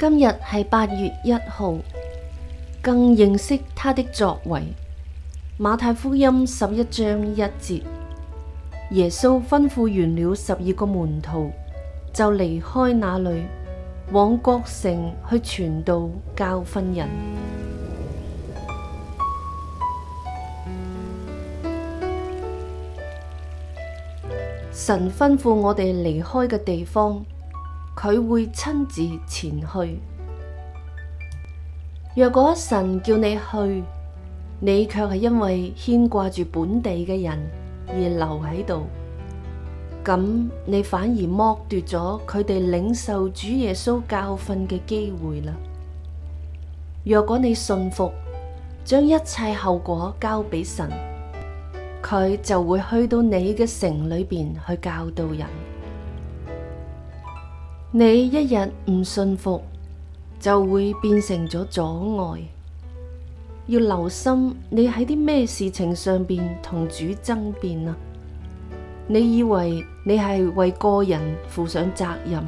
今日係八月一號，更認識他的作為。馬太福音十一章一節，耶穌吩咐完了十二個門徒，就離開那裏，往各城去傳道、教訓人。神吩咐我哋離開嘅地方。佢會親自前去。若果神叫你去，你卻係因為牽掛住本地嘅人而留喺度，咁你反而剝奪咗佢哋領受主耶穌教訓嘅機會啦。若果你信服，將一切後果交俾神，佢就會去到你嘅城裏面去教導人。你一日唔信服，就會變成咗阻礙。要留心你喺啲咩事情上邊同主爭辯啊！你以為你係為個人負上責任，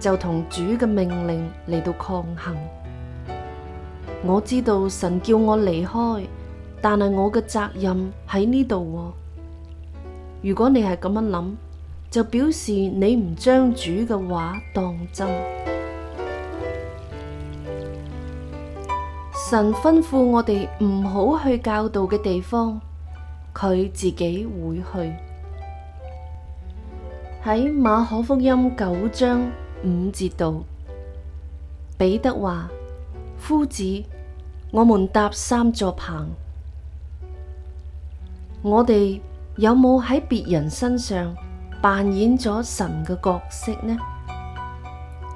就同主嘅命令嚟到抗衡？我知道神叫我離開，但係我嘅責任喺呢度喎。如果你係咁樣諗。就表示你唔將主嘅話當真。神吩咐我哋唔好去教導嘅地方，佢自己會去。喺馬可福音九章五節度，彼得話：夫子，我們搭三座棚，我哋有冇喺別人身上？扮演咗神嘅角色呢？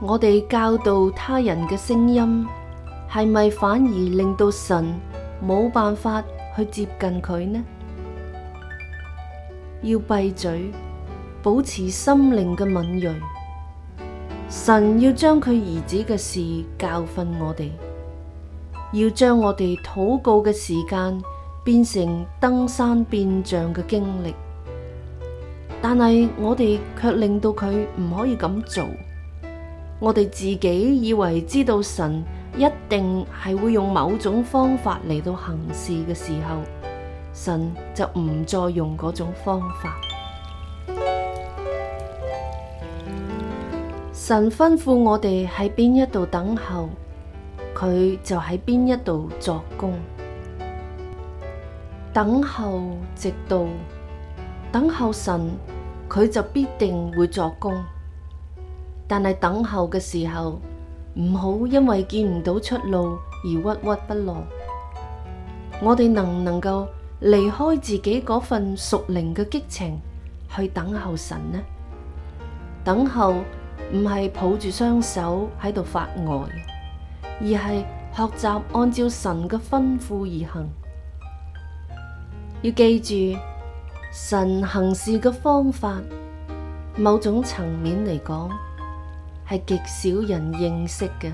我哋教導他人嘅聲音，係咪反而令到神冇辦法去接近佢呢？要閉嘴，保持心靈嘅敏銳。神要將佢兒子嘅事教訓我哋，要將我哋禱告嘅時間變成登山變像嘅經歷。但係我哋卻令到佢唔可以咁做，我哋自己以為知道神一定係會用某種方法嚟到行事嘅時候，神就唔再用嗰種方法。神吩咐我哋喺邊一度等候，佢就喺邊一度作工。等候直到。等候神，佢就必定會作工。但係等候嘅時候，唔好因為見唔到出路而鬱鬱不樂。我哋能唔能夠離開自己嗰份屬靈嘅激情去等候神呢？等候唔係抱住雙手喺度發呆，而係學習按照神嘅吩咐而行。要記住。神行事嘅方法，某種層面嚟講，係極少人認識嘅。